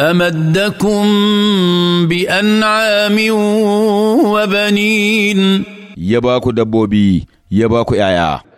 امدكم بانعام وبنين يباكو دبوبي يباكو اياه